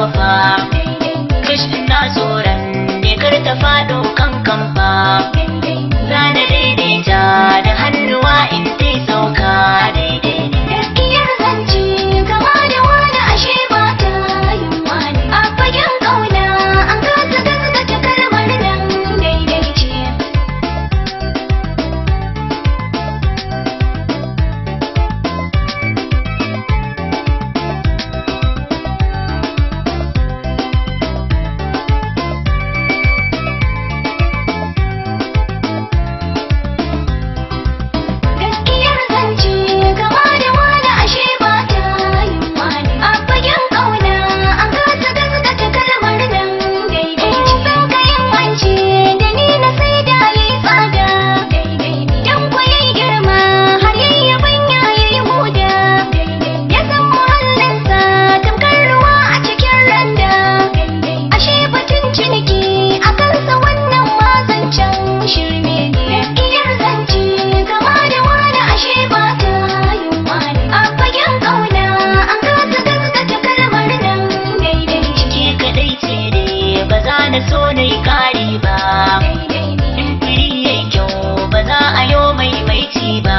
wafa kashi na tsoron ne kar ta faɗo kan kamfa na so na yi kare ba in firi ya yi kyau ba za a yo maimaici ba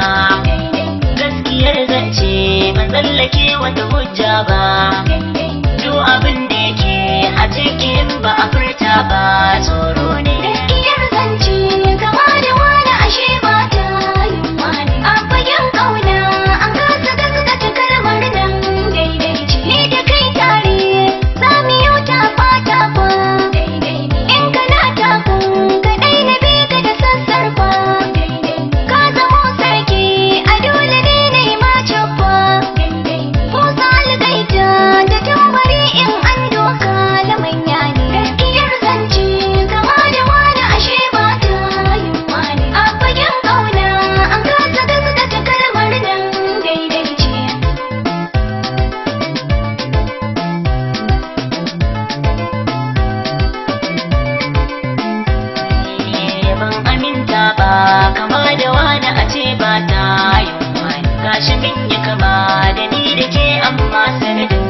gaskiyar zance ban tsallake wata hujja gashi min ya kama da ni da ke amma sanadin